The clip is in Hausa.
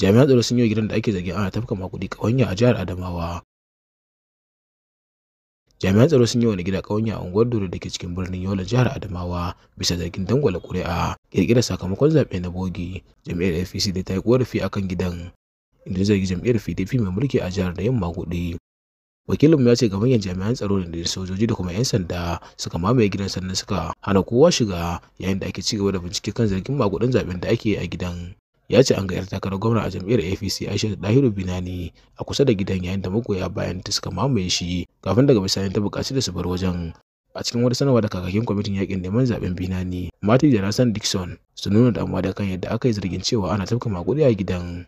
jami'an tsaro sun yi gidan da ake zargin ana tafka makudi kawanya a jihar adamawa jami'an tsaro sun yi wani gida kawanya a unguwar dore da ke cikin birnin yola jihar adamawa bisa zargin dangwala kuri'a kirkira sakamakon zaɓe na bogi jami'ar apc da ta yi korafi akan gidan inda zargi jami'ar pdp mai mulki a jihar da yamma kuɗi wakilinmu ya ce ga gaban jami'an tsaro da sojoji da kuma 'yan sanda suka mamaye gidan sannan suka hana kowa shiga yayin da ake cigaba da bincike kan zargin magudan zaben da ake yi a gidan ya ce an ga 'yar takarar gwamna a jam'iyyar apc aisha dahiru binani a kusa da gidan yayin da magoya bayan ta suka mamaye shi kafin daga bisani ta bukaci da su bar wajen a cikin wani sanarwa da kakakin kwamitin yakin neman zaben binani martin da Dixon su nuna damuwa da kan yadda aka yi zargin cewa ana tafka maguɗi a gidan